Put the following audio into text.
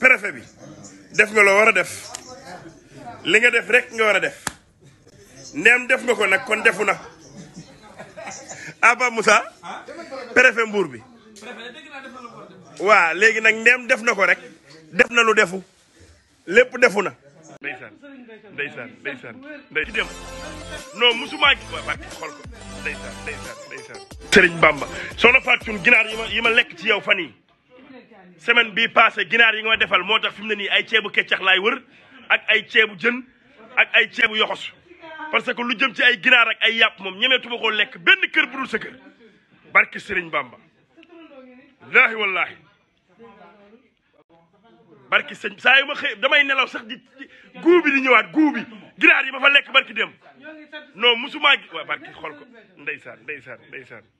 préfet bi def nga loo war a def li nga def rek nga war a def ndeem def nga ko nag kon defu na Aba Moussa préfet mbuur bi waa léegi nag ndeem def na ko rek def na lu defu lépp defu na. ndeysaan ndeysaan ndeysaan ndeysaan dem non musuma gi waa bàkki xool ko ndeysaan ndeysaan ndeysaan Sëriñ Bamba soxna Fatou Thioune ginaar yi yi ma lekk ci yow fan yi semaine bii passé ginaar yi nga ma defal moo tax fi mu ne nii ay ceebu keccax laay wër ak ay ceebu jën ak ay ceebu yoxos parce que lu jëm ci ay ginaar ak ay yàpp moom ñemeetuma koo lekk benn kër bu dul sa kër barki sëriñ Bamba laahi wallaahi barki sëñ saa yu ma xëy damay nelaw sax di guu bi di ñëwaat guu bi ginaar yi ba fa lekk barki dem non musuma waaw barki xool ko ndeysaan ndeysaan ndeysaan